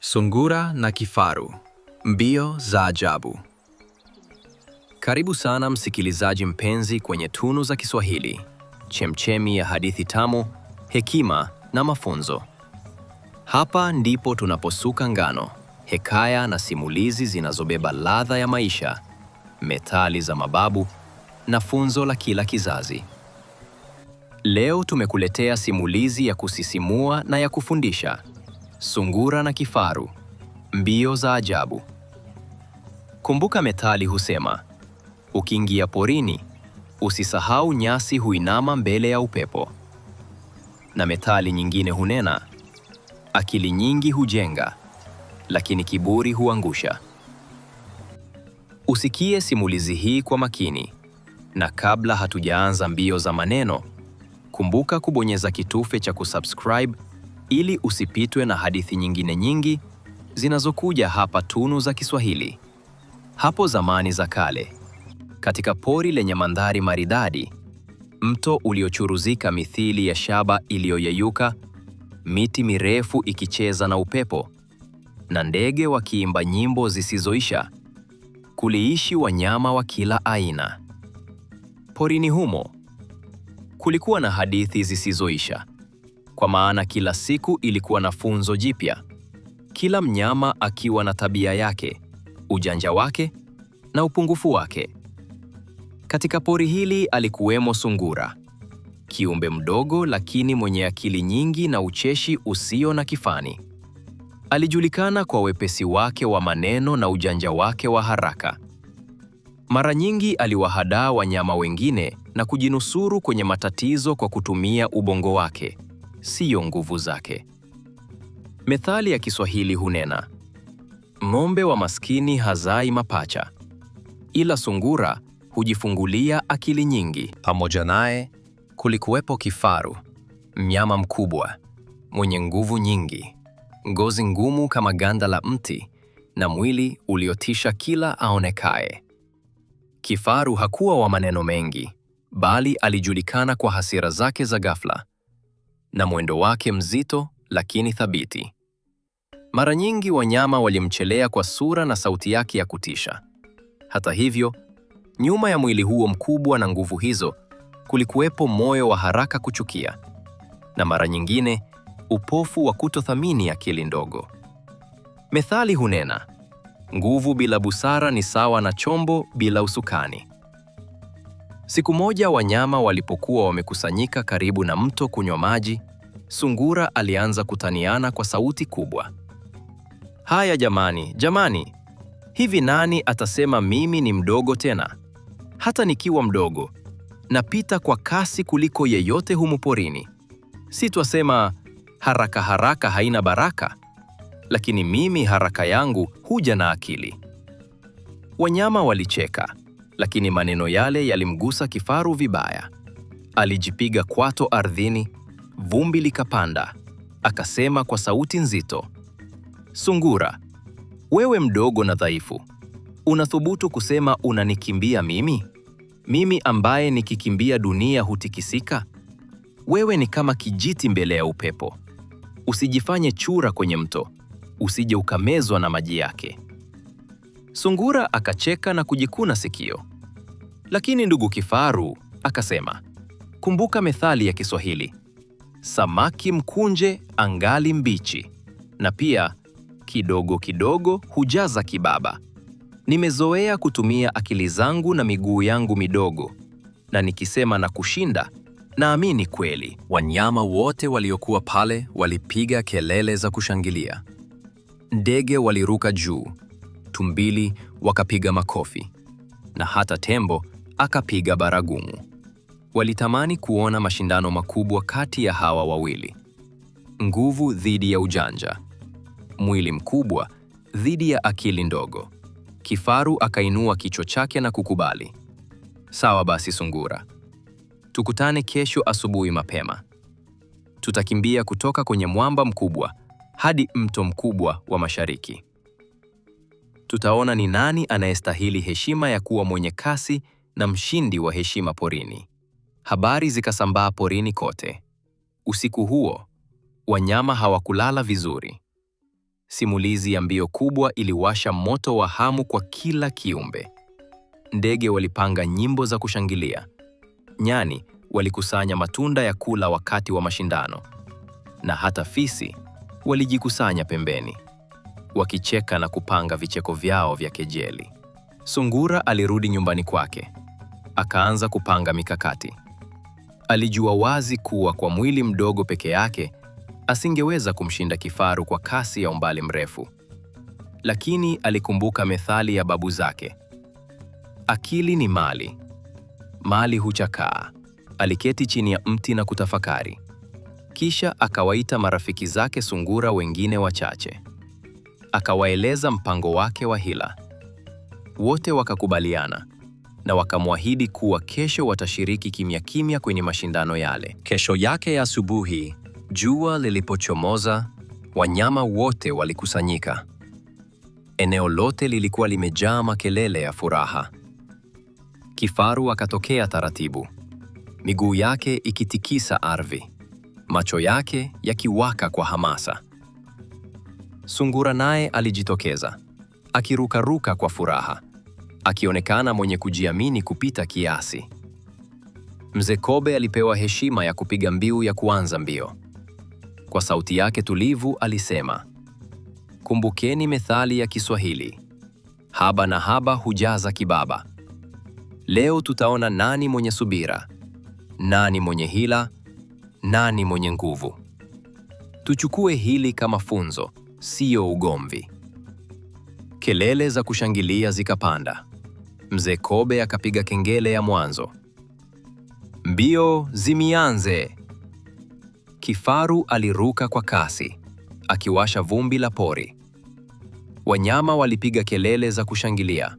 Sungura na kifaru. Mbio za ajabu. Karibu sana msikilizaji mpenzi kwenye Tunu za Kiswahili, chemchemi ya hadithi tamu, hekima na mafunzo. Hapa ndipo tunaposuka ngano, hekaya na simulizi zinazobeba ladha ya maisha, methali za mababu na funzo la kila kizazi. Leo tumekuletea simulizi ya kusisimua na ya kufundisha. Sungura na kifaru, mbio za ajabu. Kumbuka methali husema, ukiingia porini usisahau nyasi huinama mbele ya upepo. Na methali nyingine hunena, akili nyingi hujenga, lakini kiburi huangusha. Usikie simulizi hii kwa makini, na kabla hatujaanza mbio za maneno, kumbuka kubonyeza kitufe cha kusubscribe ili usipitwe na hadithi nyingine nyingi zinazokuja hapa Tunu za Kiswahili. Hapo zamani za kale, katika pori lenye mandhari maridadi, mto uliochuruzika mithili ya shaba iliyoyeyuka, miti mirefu ikicheza na upepo, na ndege wakiimba nyimbo zisizoisha, kuliishi wanyama wa kila aina. Porini humo kulikuwa na hadithi zisizoisha kwa maana kila siku ilikuwa na funzo jipya, kila mnyama akiwa na tabia yake, ujanja wake na upungufu wake. Katika pori hili alikuwemo sungura, kiumbe mdogo lakini mwenye akili nyingi na ucheshi usio na kifani. Alijulikana kwa wepesi wake wa maneno na ujanja wake wa haraka. Mara nyingi aliwahadaa wanyama wengine na kujinusuru kwenye matatizo kwa kutumia ubongo wake siyo nguvu zake. Methali ya Kiswahili hunena, ng'ombe wa maskini hazai mapacha, ila sungura hujifungulia akili nyingi. Pamoja naye kulikuwepo kifaru, mnyama mkubwa mwenye nguvu nyingi, ngozi ngumu kama ganda la mti na mwili uliotisha kila aonekaye. Kifaru hakuwa wa maneno mengi, bali alijulikana kwa hasira zake za ghafla na mwendo wake mzito lakini thabiti. Mara nyingi wanyama walimchelea kwa sura na sauti yake ya kutisha. Hata hivyo, nyuma ya mwili huo mkubwa na nguvu hizo kulikuwepo moyo wa haraka kuchukia, na mara nyingine upofu wa kutothamini akili ndogo. Methali hunena, nguvu bila busara ni sawa na chombo bila usukani. Siku moja wanyama walipokuwa wamekusanyika karibu na mto kunywa maji, Sungura alianza kutaniana kwa sauti kubwa. Haya jamani, jamani, hivi nani atasema mimi ni mdogo tena? Hata nikiwa mdogo napita kwa kasi kuliko yeyote humu porini. Si twasema haraka haraka haina baraka, lakini mimi haraka yangu huja na akili. Wanyama walicheka, lakini maneno yale yalimgusa kifaru vibaya. Alijipiga kwato ardhini, Vumbi likapanda. Akasema kwa sauti nzito, Sungura, wewe mdogo na dhaifu, unathubutu kusema unanikimbia mimi? Mimi ambaye nikikimbia dunia hutikisika? Wewe ni kama kijiti mbele ya upepo. Usijifanye chura kwenye mto, usije ukamezwa na maji yake. Sungura akacheka na kujikuna sikio. Lakini ndugu kifaru akasema, kumbuka methali ya Kiswahili, samaki mkunje angali mbichi, na pia kidogo kidogo hujaza kibaba. Nimezoea kutumia akili zangu na miguu yangu midogo, na nikisema na kushinda, naamini kweli. Wanyama wote waliokuwa pale walipiga kelele za kushangilia. Ndege waliruka juu, tumbili wakapiga makofi, na hata tembo akapiga baragumu. Walitamani kuona mashindano makubwa kati ya hawa wawili: nguvu dhidi ya ujanja, mwili mkubwa dhidi ya akili ndogo. Kifaru akainua kichwa chake na kukubali. Sawa basi, Sungura, tukutane kesho asubuhi mapema. Tutakimbia kutoka kwenye mwamba mkubwa hadi mto mkubwa wa mashariki. Tutaona ni nani anayestahili heshima ya kuwa mwenye kasi na mshindi wa heshima porini. Habari zikasambaa porini kote. Usiku huo wanyama hawakulala vizuri. Simulizi ya mbio kubwa iliwasha moto wa hamu kwa kila kiumbe. Ndege walipanga nyimbo za kushangilia, nyani walikusanya matunda ya kula wakati wa mashindano, na hata fisi walijikusanya pembeni wakicheka na kupanga vicheko vyao vya kejeli. Sungura alirudi nyumbani kwake, akaanza kupanga mikakati. Alijua wazi kuwa kwa mwili mdogo peke yake asingeweza kumshinda kifaru kwa kasi ya umbali mrefu. Lakini alikumbuka methali ya babu zake, akili ni mali, mali huchakaa. Aliketi chini ya mti na kutafakari, kisha akawaita marafiki zake sungura wengine wachache, akawaeleza mpango wake wa hila. Wote wakakubaliana na wakamwahidi kuwa kesho watashiriki kimya kimya kwenye mashindano yale. Kesho yake ya asubuhi, jua lilipochomoza, wanyama wote walikusanyika. Eneo lote lilikuwa limejaa makelele ya furaha. Kifaru akatokea taratibu, miguu yake ikitikisa ardhi, macho yake yakiwaka kwa hamasa. Sungura naye alijitokeza, akirukaruka kwa furaha akionekana mwenye kujiamini kupita kiasi. Mzee Kobe alipewa heshima ya kupiga mbiu ya kuanza mbio. Kwa sauti yake tulivu alisema, kumbukeni methali ya Kiswahili, haba na haba hujaza kibaba. Leo tutaona nani mwenye subira, nani mwenye hila, nani mwenye nguvu. Tuchukue hili kama funzo, siyo ugomvi. Kelele za kushangilia zikapanda. Mzee Kobe akapiga kengele ya mwanzo. Mbio zimianze! Kifaru aliruka kwa kasi, akiwasha vumbi la pori. Wanyama walipiga kelele za kushangilia,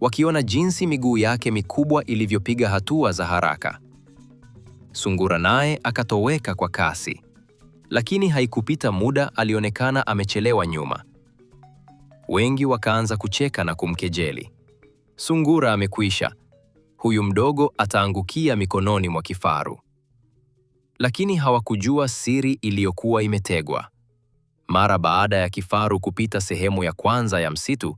wakiona jinsi miguu yake mikubwa ilivyopiga hatua za haraka. Sungura naye akatoweka kwa kasi, lakini haikupita muda alionekana amechelewa nyuma. Wengi wakaanza kucheka na kumkejeli sungura amekwisha, huyu mdogo ataangukia mikononi mwa kifaru. Lakini hawakujua siri iliyokuwa imetegwa. Mara baada ya kifaru kupita sehemu ya kwanza ya msitu,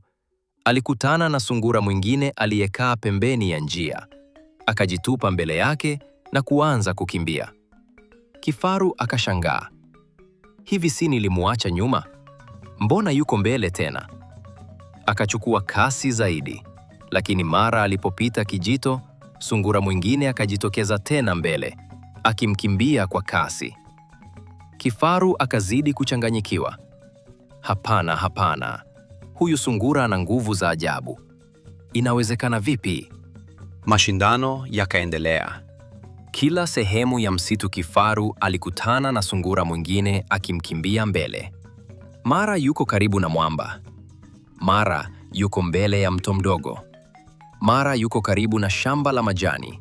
alikutana na sungura mwingine aliyekaa pembeni ya njia. Akajitupa mbele yake na kuanza kukimbia. Kifaru akashangaa. Hivi si nilimwacha nyuma? Mbona yuko mbele tena? Akachukua kasi zaidi lakini mara alipopita kijito, sungura mwingine akajitokeza tena mbele, akimkimbia kwa kasi. Kifaru akazidi kuchanganyikiwa. Hapana, hapana, huyu sungura ana nguvu za ajabu. Inawezekana vipi? Mashindano yakaendelea. Kila sehemu ya msitu kifaru alikutana na sungura mwingine akimkimbia mbele. Mara yuko karibu na mwamba, mara yuko mbele ya mto mdogo. Mara yuko karibu na shamba la majani.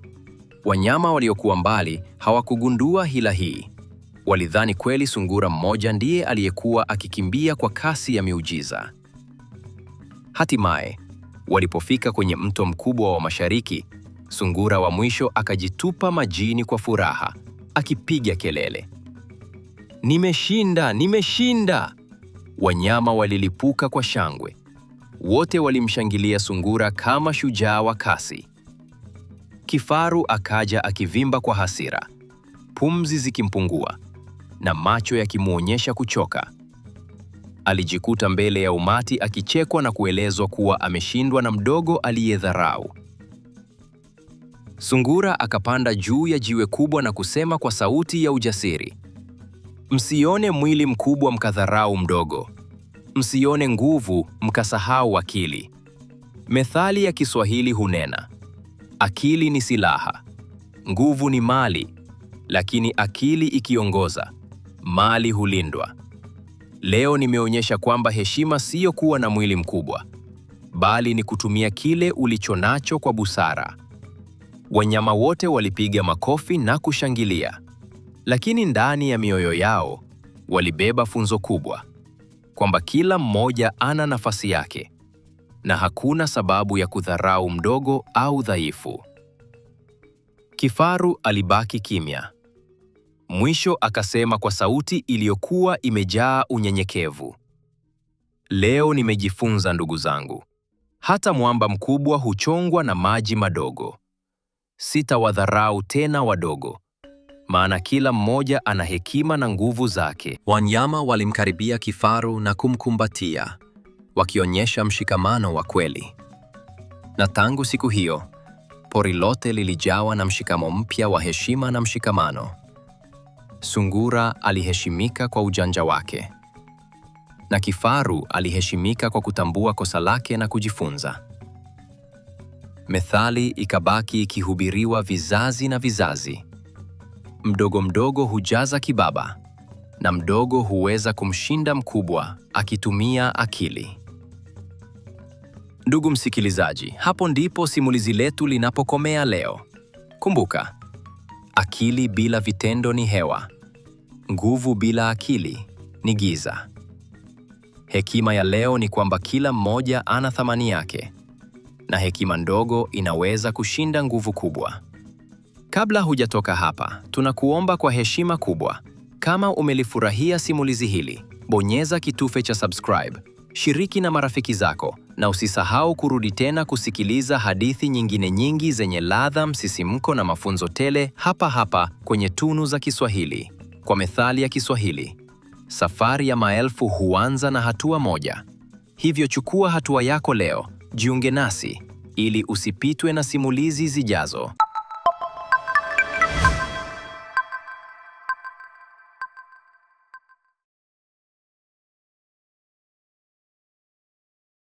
Wanyama waliokuwa mbali hawakugundua hila hii. Walidhani kweli sungura mmoja ndiye aliyekuwa akikimbia kwa kasi ya miujiza. Hatimaye, walipofika kwenye mto mkubwa wa mashariki, sungura wa mwisho akajitupa majini kwa furaha, akipiga kelele. Nimeshinda, nimeshinda! Wanyama walilipuka kwa shangwe wote walimshangilia sungura kama shujaa wa kasi. Kifaru akaja akivimba kwa hasira, pumzi zikimpungua na macho yakimwonyesha kuchoka. Alijikuta mbele ya umati akichekwa na kuelezwa kuwa ameshindwa na mdogo aliyedharau. Sungura akapanda juu ya jiwe kubwa na kusema kwa sauti ya ujasiri, msione mwili mkubwa mkadharau mdogo msione nguvu mkasahau akili. Methali ya Kiswahili hunena, akili ni silaha, nguvu ni mali, lakini akili ikiongoza, mali hulindwa. Leo nimeonyesha kwamba heshima siyo kuwa na mwili mkubwa, bali ni kutumia kile ulichonacho kwa busara. Wanyama wote walipiga makofi na kushangilia, lakini ndani ya mioyo yao walibeba funzo kubwa kwamba kila mmoja ana nafasi yake na hakuna sababu ya kudharau mdogo au dhaifu. Kifaru alibaki kimya. Mwisho akasema kwa sauti iliyokuwa imejaa unyenyekevu, leo nimejifunza, ndugu zangu, hata mwamba mkubwa huchongwa na maji madogo. Sitawadharau tena wadogo, maana kila mmoja ana hekima na nguvu zake. Wanyama walimkaribia kifaru na kumkumbatia, wakionyesha mshikamano wa kweli. Na tangu siku hiyo, pori lote lilijawa na mshikamo mpya wa heshima na mshikamano. Sungura aliheshimika kwa ujanja wake, na kifaru aliheshimika kwa kutambua kosa lake na kujifunza. Methali ikabaki ikihubiriwa vizazi na vizazi mdogo mdogo hujaza kibaba na mdogo huweza kumshinda mkubwa akitumia akili. Ndugu msikilizaji, hapo ndipo simulizi letu linapokomea leo. Kumbuka, akili bila vitendo ni hewa. Nguvu bila akili ni giza. Hekima ya leo ni kwamba kila mmoja ana thamani yake na hekima ndogo inaweza kushinda nguvu kubwa. Kabla hujatoka hapa, tunakuomba kwa heshima kubwa, kama umelifurahia simulizi hili, bonyeza kitufe cha subscribe, shiriki na marafiki zako, na usisahau kurudi tena kusikiliza hadithi nyingine nyingi zenye ladha, msisimko na mafunzo tele, hapa hapa kwenye Tunu za Kiswahili. Kwa methali ya Kiswahili, safari ya maelfu huanza na hatua moja. Hivyo chukua hatua yako leo, jiunge nasi ili usipitwe na simulizi zijazo.